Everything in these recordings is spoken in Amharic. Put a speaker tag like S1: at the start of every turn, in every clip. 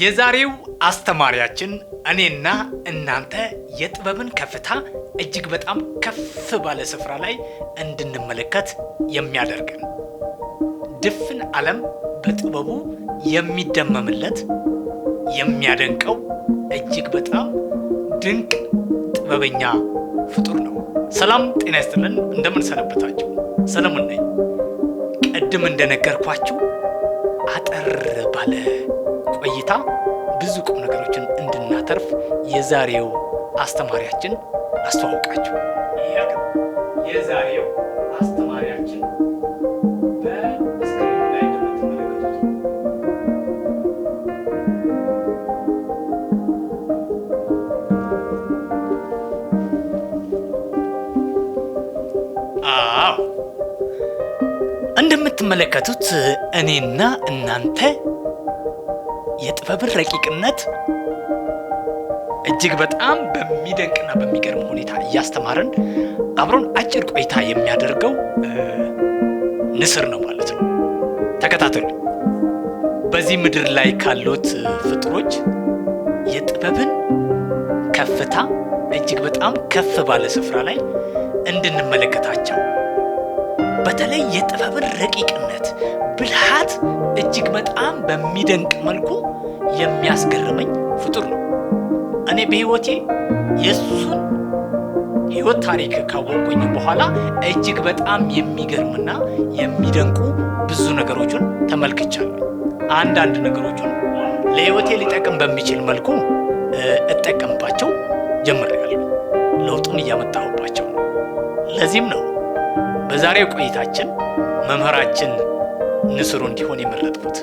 S1: የዛሬው አስተማሪያችን እኔና እናንተ የጥበብን ከፍታ እጅግ በጣም ከፍ ባለ ስፍራ ላይ እንድንመለከት የሚያደርገን ድፍን ዓለም በጥበቡ የሚደመምለት የሚያደንቀው እጅግ በጣም ድንቅ ጥበበኛ ፍጡር ነው። ሰላም ጤና ይስጥልን፣ እንደምንሰነበታችሁ ሰለሙን ነኝ። ቅድም እንደነገርኳችሁ አጠር ባለ ቆይታ ብዙ ቁም ነገሮችን እንድናተርፍ የዛሬው አስተማሪያችን አስተዋውቃችሁ።
S2: የዛሬው አስተማሪያችን
S1: እንደምትመለከቱት እኔና እናንተ የጥበብን ረቂቅነት እጅግ በጣም በሚደንቅና በሚገርም ሁኔታ እያስተማረን አብሮን አጭር ቆይታ የሚያደርገው ንስር ነው ማለት ነው። ተከታተሉ። በዚህ ምድር ላይ ካሉት ፍጥሮች የጥበብን ከፍታ እጅግ በጣም ከፍ ባለ ስፍራ ላይ እንድንመለከታቸው በተለይ የጥበብን ረቂቅነት ብልሃት እጅግ በጣም በሚደንቅ መልኩ የሚያስገርመኝ ፍጡር ነው። እኔ በህይወቴ የእሱን ህይወት ታሪክ ካወቅኩኝ በኋላ እጅግ በጣም የሚገርምና የሚደንቁ ብዙ ነገሮችን ተመልክቻለሁ። አንዳንድ ነገሮችን ለህይወቴ ሊጠቅም በሚችል መልኩ እጠቀምባቸው ጀምሬያለሁ። ለውጡን እያመጣሁባቸው ነው። ለዚህም ነው በዛሬው ቆይታችን መምህራችን ንስሩ እንዲሆን የመረጥኩት።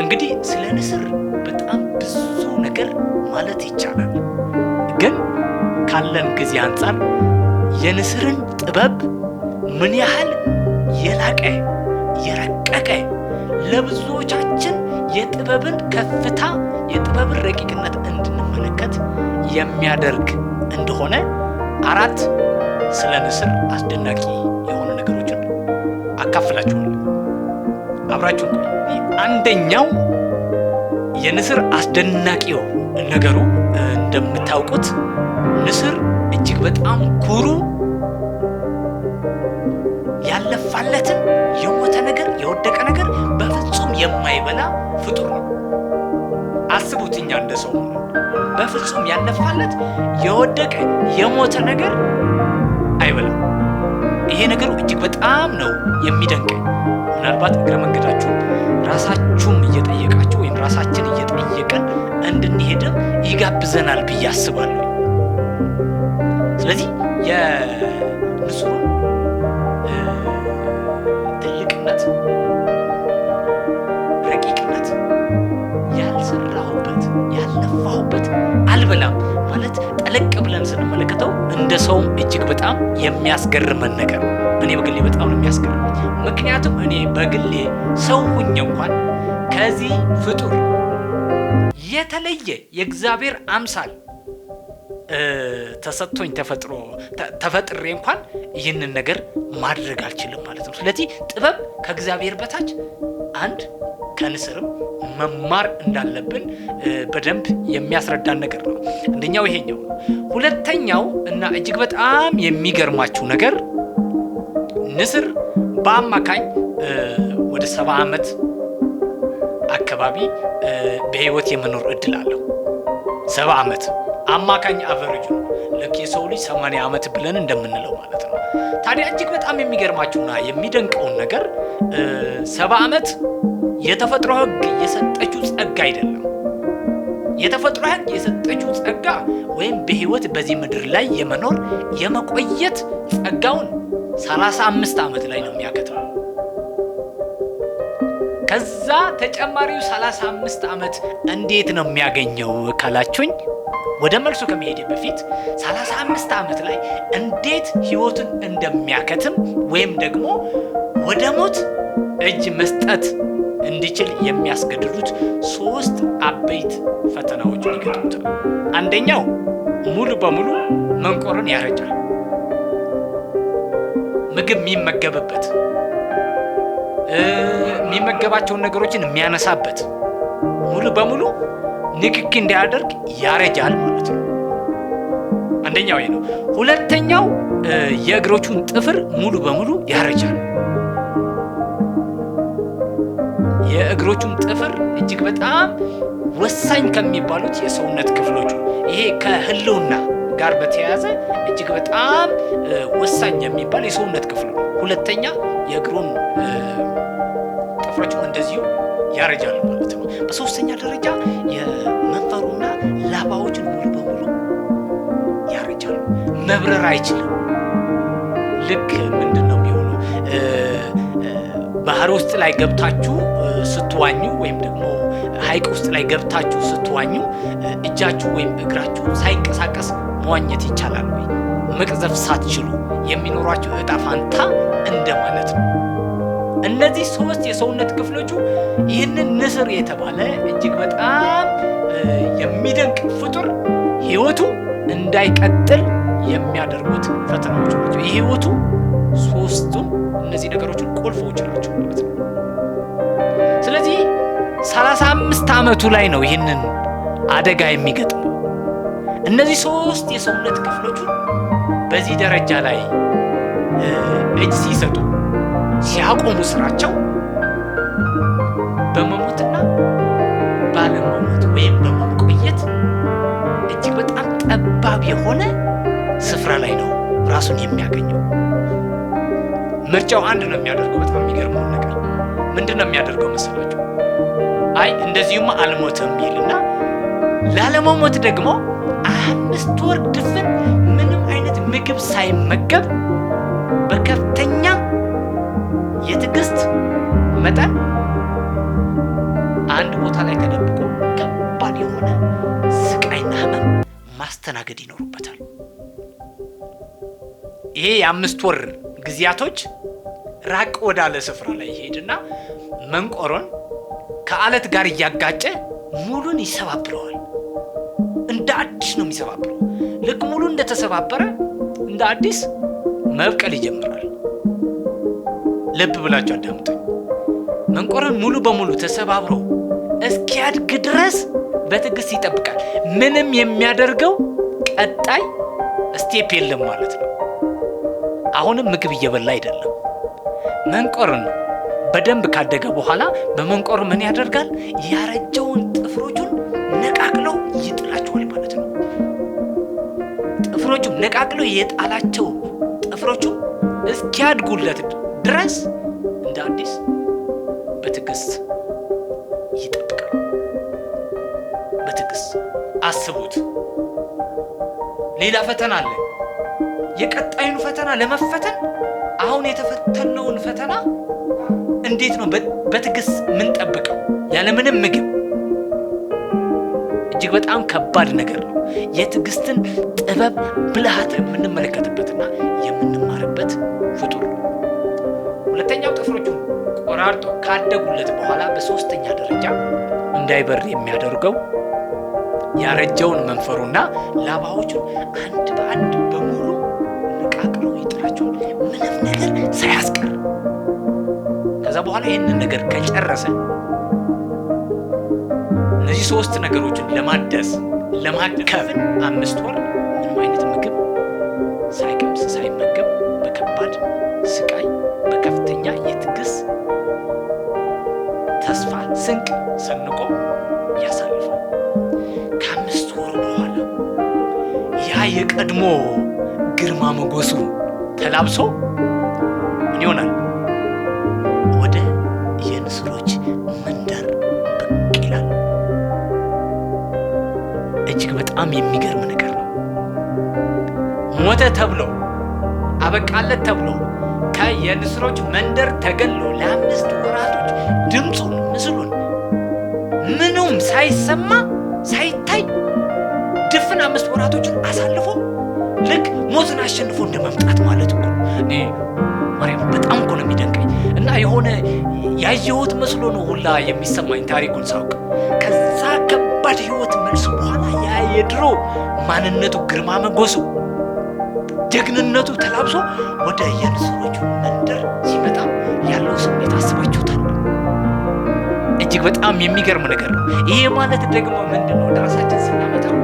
S1: እንግዲህ ስለ ንስር በጣም ብዙ ነገር ማለት ይቻላል። ግን ካለን ጊዜ አንጻር የንስርን ጥበብ ምን ያህል የላቀ የረቀቀ ለብዙዎቻችን የጥበብን ከፍታ የጥበብን ረቂቅነት እንድንመለከት የሚያደርግ እንደሆነ አራት ስለ ንስር አስደናቂ የሆኑ ነገሮችን አካፍላችኋል። አብራችሁ አንደኛው የንስር አስደናቂው ነገሩ እንደምታውቁት ንስር እጅግ በጣም ኩሩ ያለፋለትን የሞተ ነገር የወደቀ ነገር በፍጹም የማይበላ ፍጡር ነው። አስቡት፣ እኛ እንደ ሰው በፍጹም ያለፋለት የወደቀ የሞተ ነገር አይበላም። ይሄ ነገሩ እጅግ በጣም ነው የሚደንቀኝ። ምናልባት እግረ መንገዳችሁ ራሳችሁም እየጠየቃችሁ ወይም ራሳችን እየጠየቀን እንድንሄድም ይጋብዘናል ብዬ አስባለሁ። ስለዚህ የንጹሩን ትልቅነት፣ ረቂቅነት ያልሰራሁበት ያልለፋሁበት አልበላም ማለት ጠለቅ ብለን ስንመለከተው እንደ ሰውም እጅግ በጣም የሚያስገርመን ነገር ነው። እኔ በግሌ በጣም ነው የሚያስገርመኝ። ምክንያቱም እኔ በግሌ ሰው ሁኜ እንኳን ከዚህ ፍጡር የተለየ የእግዚአብሔር አምሳል ተሰጥቶኝ ተፈጥሮ ተፈጥሬ እንኳን ይህንን ነገር ማድረግ አልችልም ማለት ነው። ስለዚህ ጥበብ ከእግዚአብሔር በታች አንድ ከንስርም መማር እንዳለብን በደንብ የሚያስረዳን ነገር ነው። አንደኛው ይሄኛው። ሁለተኛው እና እጅግ በጣም የሚገርማችሁ ነገር ንስር በአማካኝ ወደ ሰባ ዓመት አካባቢ በህይወት የመኖር እድል አለው። ሰባ ዓመት አማካኝ አቨሬጅ ነው። ልክ የሰው ልጅ ሰማንያ ዓመት ብለን እንደምንለው ማለት ነው። ታዲያ እጅግ በጣም የሚገርማችሁና የሚደንቀውን ነገር ሰባ ዓመት የተፈጥሮ ህግ የሰጠችው ጸጋ አይደለም። የተፈጥሮ ህግ የሰጠችው ጸጋ ወይም በህይወት በዚህ ምድር ላይ የመኖር የመቆየት ጸጋውን ሰላሳ አምስት ዓመት ላይ ነው የሚያከትመው። ከዛ ተጨማሪው ሰላሳ አምስት ዓመት እንዴት ነው የሚያገኘው ካላችሁኝ ወደ መልሱ ከመሄድ በፊት 35 ዓመት ላይ እንዴት ህይወቱን እንደሚያከትም ወይም ደግሞ ወደ ሞት እጅ መስጠት እንዲችል የሚያስገድዱት ሶስት አበይት ፈተናዎች ይገጥሙታል። አንደኛው ሙሉ በሙሉ መንቆርን ያረጫል። ምግብ የሚመገብበት የሚመገባቸውን ነገሮችን የሚያነሳበት ሙሉ በሙሉ ንክኪ እንዳያደርግ ያረጃል ማለት ነው። አንደኛው ነው። ሁለተኛው የእግሮቹን ጥፍር ሙሉ በሙሉ ያረጃል። የእግሮቹን ጥፍር እጅግ በጣም ወሳኝ ከሚባሉት የሰውነት ክፍሎቹ ይሄ ከህልውና ጋር በተያያዘ እጅግ በጣም ወሳኝ የሚባል የሰውነት ክፍል ነው። ሁለተኛ የእግሩን ጥፍሮች እንደዚሁ ያረጃል ማለት ነው። በሶስተኛ ደረጃ የመንፈሩና ላባዎችን ሙሉ በሙሉ ያረጃሉ። መብረር አይችልም። ልክ ምንድን ነው የሚሆነው ባህር ውስጥ ላይ ገብታችሁ ስትዋኙ ወይም ደግሞ ሐይቅ ውስጥ ላይ ገብታችሁ ስትዋኙ እጃችሁ ወይም እግራችሁ ሳይንቀሳቀስ መዋኘት ይቻላል ወይ? መቅዘፍ ሳትችሉ የሚኖሯቸው እጣ ፋንታ እንደማለት ነው። እነዚህ ሶስት የሰውነት ክፍሎቹ ይህንን ንስር የተባለ እጅግ በጣም የሚደንቅ ፍጡር ህይወቱ እንዳይቀጥል የሚያደርጉት ፈተናዎች ናቸው። የህይወቱ ሶስቱም እነዚህ ነገሮችን ቁልፎች ናቸው ማለት ነው። ስለዚህ ሰላሳ አምስት ዓመቱ ላይ ነው ይህንን አደጋ የሚገጥም እነዚህ ሶስት የሰውነት ክፍሎቹ በዚህ ደረጃ ላይ እጅ ሲሰጡ ሲያቆሙ ስራቸው በመሞትና ባለመሞት ወይም በመቆየት እጅግ በጣም ጠባብ የሆነ ስፍራ ላይ ነው ራሱን የሚያገኘው። ምርጫው አንድ ነው የሚያደርገው። በጣም የሚገርመውን ነገር ምንድን ነው የሚያደርገው መሰላቸው? አይ እንደዚሁም አልሞትም ይልና ላለመሞት ደግሞ ለአምስት ወር ድፍን ምንም አይነት ምግብ ሳይመገብ በከፍተኛ የትዕግስት መጠን አንድ ቦታ ላይ ተደብቆ ከባድ የሆነ ስቃይና ህመም ማስተናገድ ይኖሩበታል። ይሄ የአምስት ወር ጊዜያቶች ራቅ ወዳለ ስፍራ ላይ ይሄድና መንቆሮን ከአለት ጋር እያጋጨ ሙሉን ይሰባብረዋል። እንደ አዲስ ነው የሚሰባበረው ልክ ሙሉ እንደተሰባበረ እንደ አዲስ መብቀል ይጀምራል። ልብ ብላችሁ አዳምጡኝ። መንቆርን ሙሉ በሙሉ ተሰባብሮ እስኪያድግ ድረስ በትዕግስት ይጠብቃል። ምንም የሚያደርገው ቀጣይ ስቴፕ የለም ማለት ነው። አሁንም ምግብ እየበላ አይደለም። መንቆርን በደንብ ካደገ በኋላ በመንቆር ምን ያደርጋል? ያረጀውን ነቃቅሎ የጣላቸው ጥፍሮቹ እስኪያድጉለት ድረስ እንደ አዲስ በትዕግስት ይጠብቃል። በትዕግስት አስቡት። ሌላ ፈተና አለ። የቀጣዩን ፈተና ለመፈተን አሁን የተፈተነውን ፈተና እንዴት ነው በትዕግስት የምንጠብቀው? ያለምንም ምግብ እጅግ በጣም ከባድ ነገር ነው። የትዕግስትን ጥበብ ብልሃት የምንመለከትበትና የምንማርበት ፍጡር። ሁለተኛው ጥፍሮቹን ቆራርጦ ካደጉለት በኋላ በሶስተኛ ደረጃ እንዳይበር የሚያደርገው ያረጀውን መንፈሩና ላባዎቹን አንድ በአንድ በሙሉ ነቃቅሎ ይጥላቸዋል፣ ምንም ነገር ሳያስቀር። ከዛ በኋላ ይህንን ነገር ከጨረሰ እነዚህ ሶስት ነገሮችን ለማደስ ለማከብ አምስት ወር ምንም አይነት ምግብ ሳይቀምስ ሳይመገብ በከባድ ስቃይ በከፍተኛ የትግስ ተስፋ ስንቅ ሰንቆ ያሳልፋል። ከአምስት ወር በኋላ ያ የቀድሞ ግርማ መጎሱ ተላብሶ ምን ይሆናል? በጣም የሚገርም ነገር ነው። ሞተ ተብሎ አበቃለት ተብሎ ከየንስሮች መንደር ተገሎ ለአምስት ወራቶች ድምፁን፣ ምስሉን ምኑም ሳይሰማ ሳይታይ ድፍን አምስት ወራቶችን አሳልፎ ልክ ሞትን አሸንፎ እንደ መምጣት ማለት እኮ እኔ ማርያም በጣም እኮ ነው የሚደንቀኝ እና የሆነ ያየሁት መስሎ ነው ሁላ የሚሰማኝ ታሪኩን ሳውቅ ከዛ ከባድ ህይወት መልስ በኋላ የድሮ ማንነቱ ግርማ መጎሱ ጀግንነቱ ተላብሶ ወደ የንስሮቹ መንደር ሲመጣ ያለው ስሜት አስባችሁታል። እጅግ በጣም የሚገርም ነገር ነው። ይሄ ማለት ደግሞ ምንድን ነው? ወደ ራሳችን ስናመጣው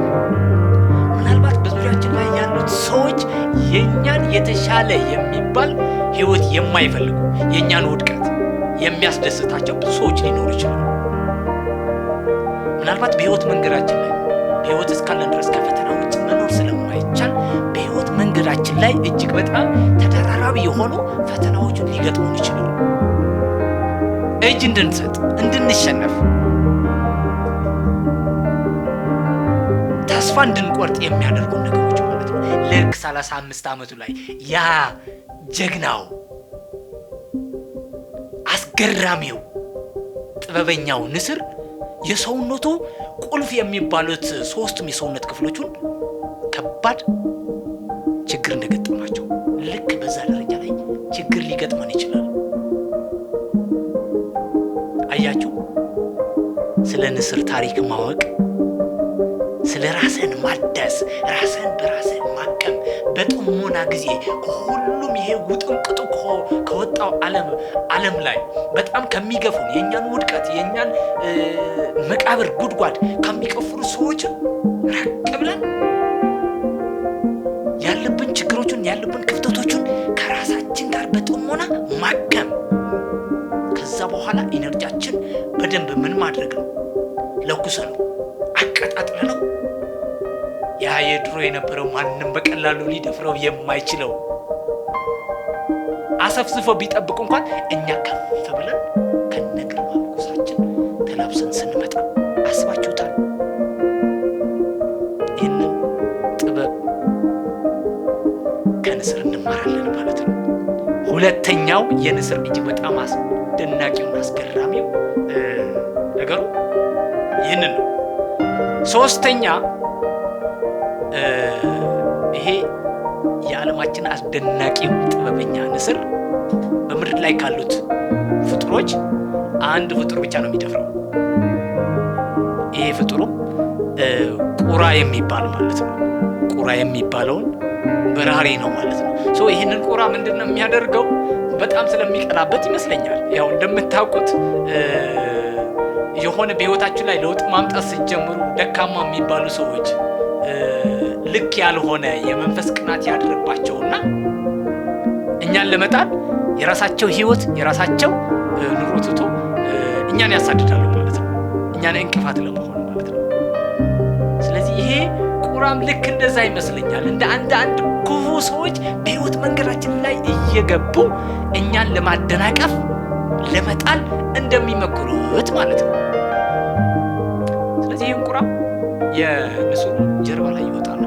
S1: ምናልባት በዙሪያችን ላይ ያሉት ሰዎች የእኛን የተሻለ የሚባል ህይወት የማይፈልጉ የእኛን ውድቀት የሚያስደስታቸው ብዙ ሰዎች ሊኖሩ ይችላሉ። ምናልባት በህይወት መንገዳችን ላይ ህይወት እስካለን ድረስ ከፈተና ውጭ መኖር ስለማይቻል በህይወት መንገዳችን ላይ እጅግ በጣም ተደራራቢ የሆኑ ፈተናዎቹን ሊገጥሙን ይችላሉ። እጅ እንድንሰጥ እንድንሸነፍ ተስፋ እንድንቆርጥ የሚያደርጉን ነገሮች ማለት ነው። ልክ 35 ዓመቱ ላይ ያ ጀግናው አስገራሚው ጥበበኛው ንስር የሰውነቱ ቁልፍ የሚባሉት ሶስቱም የሰውነት ክፍሎቹን ከባድ ችግር እንደገጠማቸው ልክ በዛ ደረጃ ላይ ችግር ሊገጥመን ይችላል። አያችሁ፣ ስለ ንስር ታሪክ ማወቅ፣ ስለ ራስን ማደስ ራስን በራስን በጥሞና ጊዜ ከሁሉም ይሄ ውጥንቅጡ ከወጣው ዓለም ዓለም ላይ በጣም ከሚገፉን የእኛን ውድቀት የእኛን መቃብር ጉድጓድ ከሚቀፍሩ ሰዎችን ረቅ ብለን ያለብን ችግሮችን ያለብን ክፍተቶችን ከራሳችን ጋር በጥሞና ማከም ከዛ በኋላ ኢነርጂያችን በደንብ ምን ማድረግ ነው ለኩሰ ነው አቀጣጥለ ነው ያ የድሮ የነበረው ማንም በቀላሉ ሊደፍረው የማይችለው አሰፍስፎ ቢጠብቅ እንኳን እኛ ከፍ ብለን ከነግር ማንጉሳችን ተላብሰን ስንመጣ አስባችሁታል? ይህንን ጥበብ ከንስር እንማራለን ማለት ነው። ሁለተኛው የንስር እጅግ በጣም አስደናቂውን አስገራሚው ነገሩ ይህንን ነው። ሶስተኛ ይሄ የዓለማችን አስደናቂው ጥበበኛ ንስር በምድር ላይ ካሉት ፍጡሮች አንድ ፍጡር ብቻ ነው የሚደፍረው። ይሄ ፍጡሩ ቁራ የሚባል ማለት ነው። ቁራ የሚባለውን በራሪ ነው ማለት ነው። ሶ ይህንን ቁራ ምንድን ነው የሚያደርገው? በጣም ስለሚቀናበት ይመስለኛል። ያው እንደምታውቁት የሆነ በህይወታችን ላይ ለውጥ ማምጣት ሲጀምሩ ደካማ የሚባሉ ሰዎች ልክ ያልሆነ የመንፈስ ቅናት ያድርባቸውና እኛን ለመጣል የራሳቸው ህይወት የራሳቸው ኑሮ ትቶ እኛን ያሳድዳሉ ማለት ነው። እኛን እንቅፋት ለመሆን ማለት ነው። ስለዚህ ይሄ ቁራም ልክ እንደዛ ይመስለኛል። እንደ አንድ አንድ ክፉ ሰዎች በህይወት መንገዳችን ላይ እየገቡ እኛን ለማደናቀፍ ለመጣል እንደሚመክሩት ማለት ነው። ስለዚህ ይህን ቁራም የንስሩ ጀርባ ላይ ይወጣል።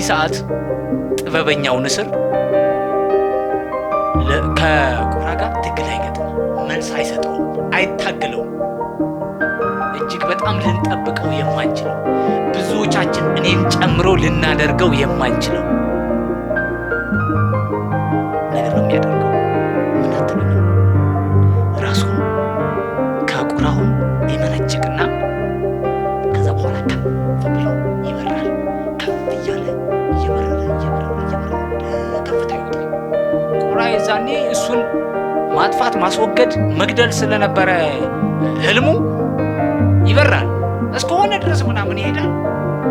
S1: በዚህ ሰዓት ጥበበኛው ንስር ከቁራ ጋር ትግል አይገጥም፣ መልስ አይሰጠውም፣ አይታገለውም። እጅግ በጣም ልንጠብቀው የማንችለው ብዙዎቻችን እኔም ጨምሮ ልናደርገው የማንችለው የዛኔ እሱን ማጥፋት ማስወገድ መግደል ስለነበረ ህልሙ ይበራል እስከሆነ ድረስ ምናምን ይሄዳል።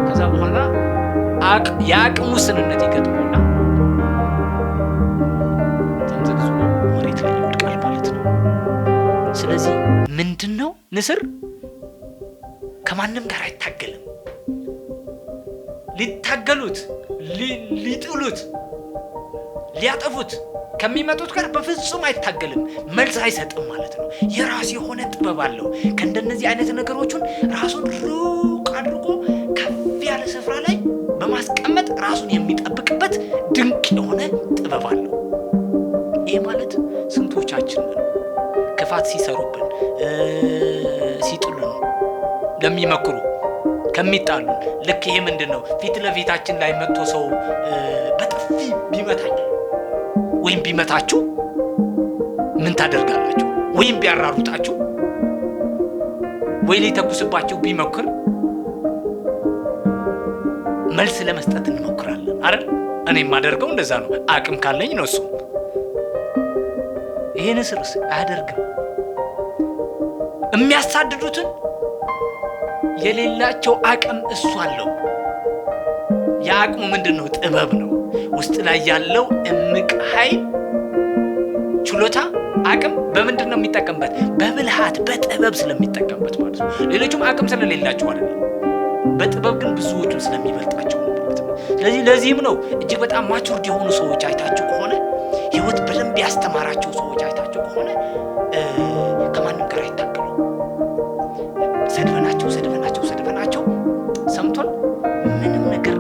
S1: ከዛ በኋላ የአቅም ውስንነት ይገጥመውና ተምዘግዝጎ መሬት ላይ ይወድቃል ማለት ነው። ስለዚህ ምንድን ነው ንስር ከማንም ጋር አይታገልም። ሊታገሉት፣ ሊጥሉት፣ ሊያጠፉት ከሚመጡት ጋር በፍጹም አይታገልም፣ መልስ አይሰጥም ማለት ነው። የራሱ የሆነ ጥበብ አለው። ከእንደነዚህ አይነት ነገሮቹን ራሱን ሩቅ አድርጎ ከፍ ያለ ስፍራ ላይ በማስቀመጥ ራሱን የሚጠብቅበት ድንቅ የሆነ ጥበብ አለው። ይህ ማለት ስንቶቻችን ክፋት ሲሰሩብን ሲጥሉን ለሚመክሩ ከሚጣሉ ልክ ይሄ ምንድን ነው ፊት ለፊታችን ላይ መጥቶ ሰው በጥፊ ቢመታኝ ወይም ቢመታችሁ ምን ታደርጋላችሁ? ወይም ቢያራሩጣችሁ ወይ ሊተኩስባችሁ ቢሞክር መልስ ለመስጠት እንሞክራለን አይደል? እኔ የማደርገው እንደዛ ነው። አቅም ካለኝ ነው። እሱ ይህን ስርስ አያደርግም። የሚያሳድዱትን የሌላቸው አቅም እሱ አለው። የአቅሙ ምንድን ነው? ጥበብ ነው። ውስጥ ላይ ያለው እምቅ ኃይል፣ ችሎታ፣ አቅም በምንድን ነው የሚጠቀምበት? በብልሃት በጥበብ ስለሚጠቀምበት ማለት ነው። ሌሎቹም አቅም ስለሌላቸው አይደለም፣ በጥበብ ግን ብዙዎቹን ስለሚበልጣቸው ነው ማለት ነው። ስለዚህ ለዚህም ነው እጅግ በጣም ማቹርድ የሆኑ ሰዎች አይታችሁ ከሆነ ህይወት በደንብ ያስተማራቸው ሰዎች አይታችሁ ከሆነ ከማንም ጋር አይታገሉ። ሰድበናቸው ሰድበናቸው ሰድበናቸው ሰምቶን ምንም ነገር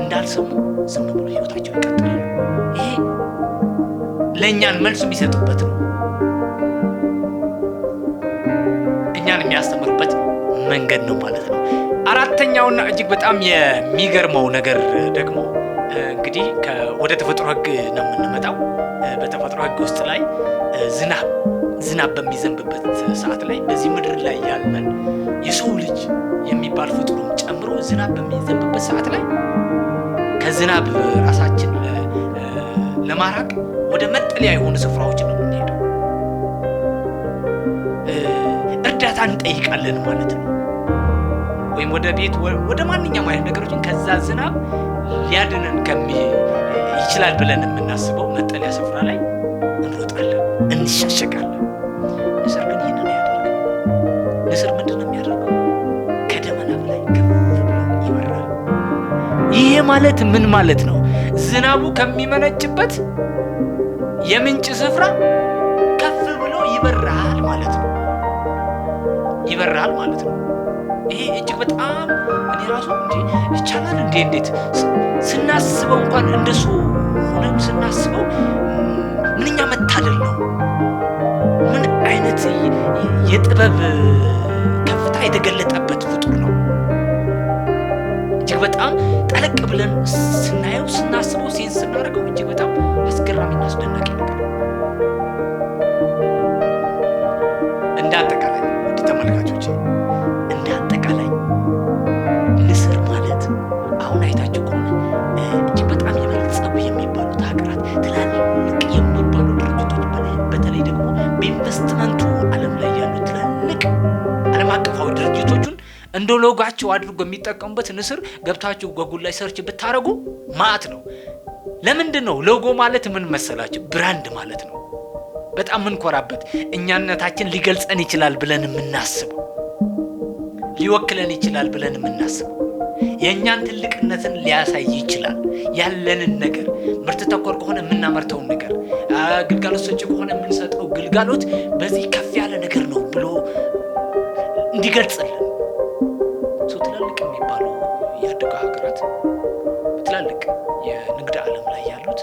S1: እንዳልሰሙ ዝም ለእኛን መልስ የሚሰጡበት ነው። እኛን የሚያስተምሩበት መንገድ ነው ማለት ነው። አራተኛውና እጅግ በጣም የሚገርመው ነገር ደግሞ እንግዲህ ወደ ተፈጥሮ ሕግ ነው የምንመጣው። በተፈጥሮ ሕግ ውስጥ ላይ ዝናብ ዝናብ በሚዘንብበት ሰዓት ላይ በዚህ ምድር ላይ ያለን የሰው ልጅ የሚባል ፍጡሩም ጨምሮ ዝናብ በሚዘንብበት ሰዓት ላይ ከዝናብ ራሳችን ለማራቅ ወደ መጠለያ የሆኑ ስፍራዎች ነው የምንሄደው። እርዳታ እንጠይቃለን ማለት ነው። ወይም ወደ ቤት ወደ ማንኛውም አይነት ነገሮችን ከዛ ዝናብ ሊያድነን ከሚ ይችላል ብለን የምናስበው መጠለያ ስፍራ ላይ እንሮጣለን፣ እንሻሸጋለን። ንስር ግን ይህንን አያደርግም። ንስር ምንድን ነው የሚያደርገው? ከደመና በላይ ከፍ ብሎ ይበራል። ይሄ ማለት ምን ማለት ነው? ዝናቡ ከሚመነጭበት የምንጭ ስፍራ ከፍ ብሎ ይበራል ማለት ነው። ይበራል ማለት ነው። ይሄ እጅግ በጣም እኔ ራሱ እንዴ ይቻላል እንዴ እንዴት ስናስበው እንኳን እንደሱ ሆነም ስናስበው ምንኛ መታደል ነው። ምን አይነት የጥበብ ከፍታ የተገለጠ እጅግ በጣም ጠለቅ ብለን ስናየው ስናስበው ሴንስ ስናደርገው እጅግ በጣም አስገራሚና አስደናቂ ነገር ነው። እንደ ሎጓቸው አድርጎ የሚጠቀሙበት ንስር ገብታችሁ ጎጉል ላይ ሰርች ብታደረጉ ማት ነው። ለምንድን ነው ሎጎ ማለት ምን መሰላችሁ? ብራንድ ማለት ነው። በጣም ምንኮራበት እኛነታችን ሊገልጸን ይችላል ብለን የምናስበው ሊወክለን ይችላል ብለን የምናስበው የእኛን ትልቅነትን ሊያሳይ ይችላል። ያለንን ነገር ምርት ተኮር ከሆነ የምናመርተውን ነገር፣ ግልጋሎት ሰጪ ከሆነ የምንሰጠው ግልጋሎት በዚህ ከፍ ያለ ነገር ነው ብሎ እንዲገልጽል የአፍሪካ ሀገራት በትላልቅ የንግድ ዓለም ላይ ያሉት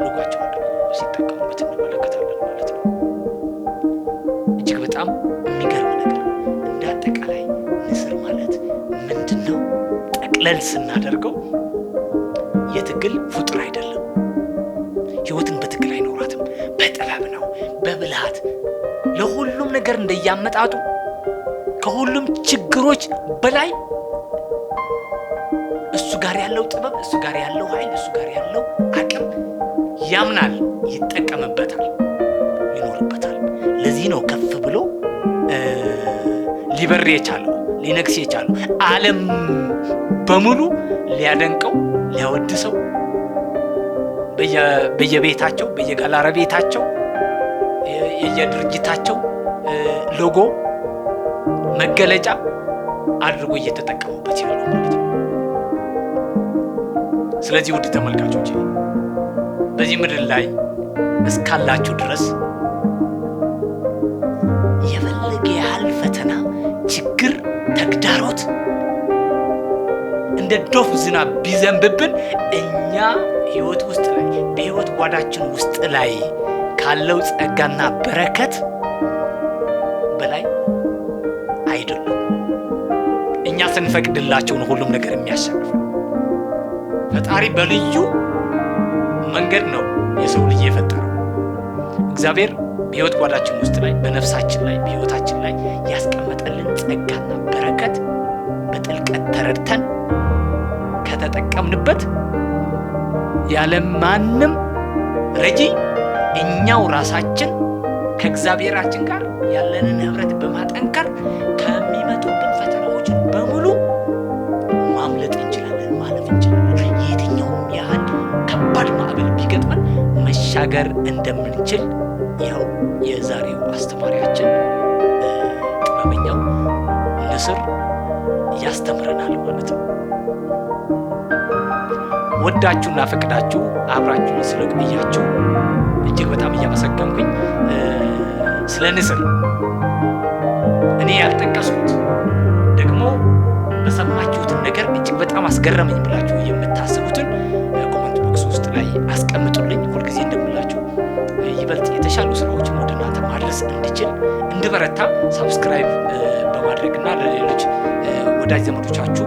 S1: ሎጓቸው አድርጎ ሲጠቀሙበት እንመለከታለን ማለት ነው። እጅግ በጣም የሚገርም ነገር እንደ አጠቃላይ ንስር ማለት ምንድን ነው ጠቅለል ስናደርገው የትግል ፍጡር አይደለም። ህይወትን በትግል አይኖራትም። በጥበብ ነው፣ በብልሃት ለሁሉም ነገር እንደያመጣጡ ከሁሉም ችግሮች በላይ ጥበብ፣ እሱ ጋር ያለው ኃይል፣ እሱ ጋር ያለው አቅም ያምናል፣ ይጠቀምበታል፣ ይኖርበታል። ለዚህ ነው ከፍ ብሎ ሊበር የቻለው ሊነግስ የቻለው ዓለም በሙሉ ሊያደንቀው ሊያወድሰው በየቤታቸው በየጋላረ ቤታቸው የየድርጅታቸው ሎጎ መገለጫ አድርጎ እየተጠቀሙበት ያለው ማለት ነው። ስለዚህ ውድ ተመልካቾች በዚህ ምድር ላይ እስካላችሁ ድረስ የፈለገ ያህል ፈተና፣ ችግር፣ ተግዳሮት እንደ ዶፍ ዝናብ ቢዘንብብን እኛ ህይወት ውስጥ ላይ በህይወት ጓዳችን ውስጥ ላይ ካለው ጸጋና በረከት በላይ አይደሉም። እኛ ስንፈቅድላቸው ነው ሁሉም ነገር የሚያሸንፈው። ፈጣሪ በልዩ መንገድ ነው የሰው ልጅ የፈጠረው። እግዚአብሔር በህይወት ጓዳችን ውስጥ ላይ በነፍሳችን ላይ በህይወታችን ላይ ያስቀመጠልን ጸጋና በረከት በጥልቀት ተረድተን ከተጠቀምንበት ያለ ማንም ረጂ እኛው ራሳችን ከእግዚአብሔራችን ጋር ያለንን ህብረት በማጠንከር ከሚመጡብን ፈተናዎች በሙሉ መሻገር እንደምንችል ያው የዛሬው አስተማሪያችን ጥበበኛው ንስር ያስተምረናል ማለት ነው። ወዳችሁና ፈቅዳችሁ አብራችሁን ስለቆያችሁ እጅግ በጣም እያመሰገንኩኝ ስለ ንስር እኔ ያልጠቀስኩት ደግሞ በሰማችሁትን ነገር እጅግ በጣም አስገረመኝ ብላችሁ የምታስቡትን ኮመንት ቦክስ ውስጥ ላይ አስቀምጡልኝ ሁልጊዜ እንደ የተሻሉ ስራዎችን ወደ እናንተ ማድረስ እንድችል እንድበረታ ሳብስክራይብ በማድረግ እና ለሌሎች ወዳጅ ዘመዶቻችሁ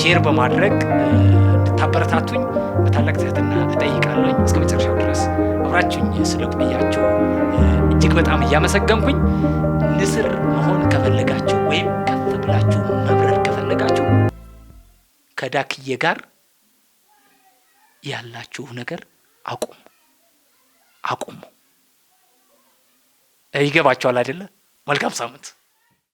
S1: ሼር በማድረግ እንድታበረታቱኝ በታላቅ ትህትና እጠይቃለኝ። እስከ መጨረሻው ድረስ አብራችሁኝ ስለቆያችሁ እጅግ በጣም እያመሰገንኩኝ ንስር መሆን ከፈለጋችሁ ወይም ከፍ ብላችሁ መብረር ከፈለጋችሁ ከዳክዬ ጋር ያላችሁ ነገር አቁም። አቁሙ። ይገባቸዋል አይደለ? መልካም ሳምንት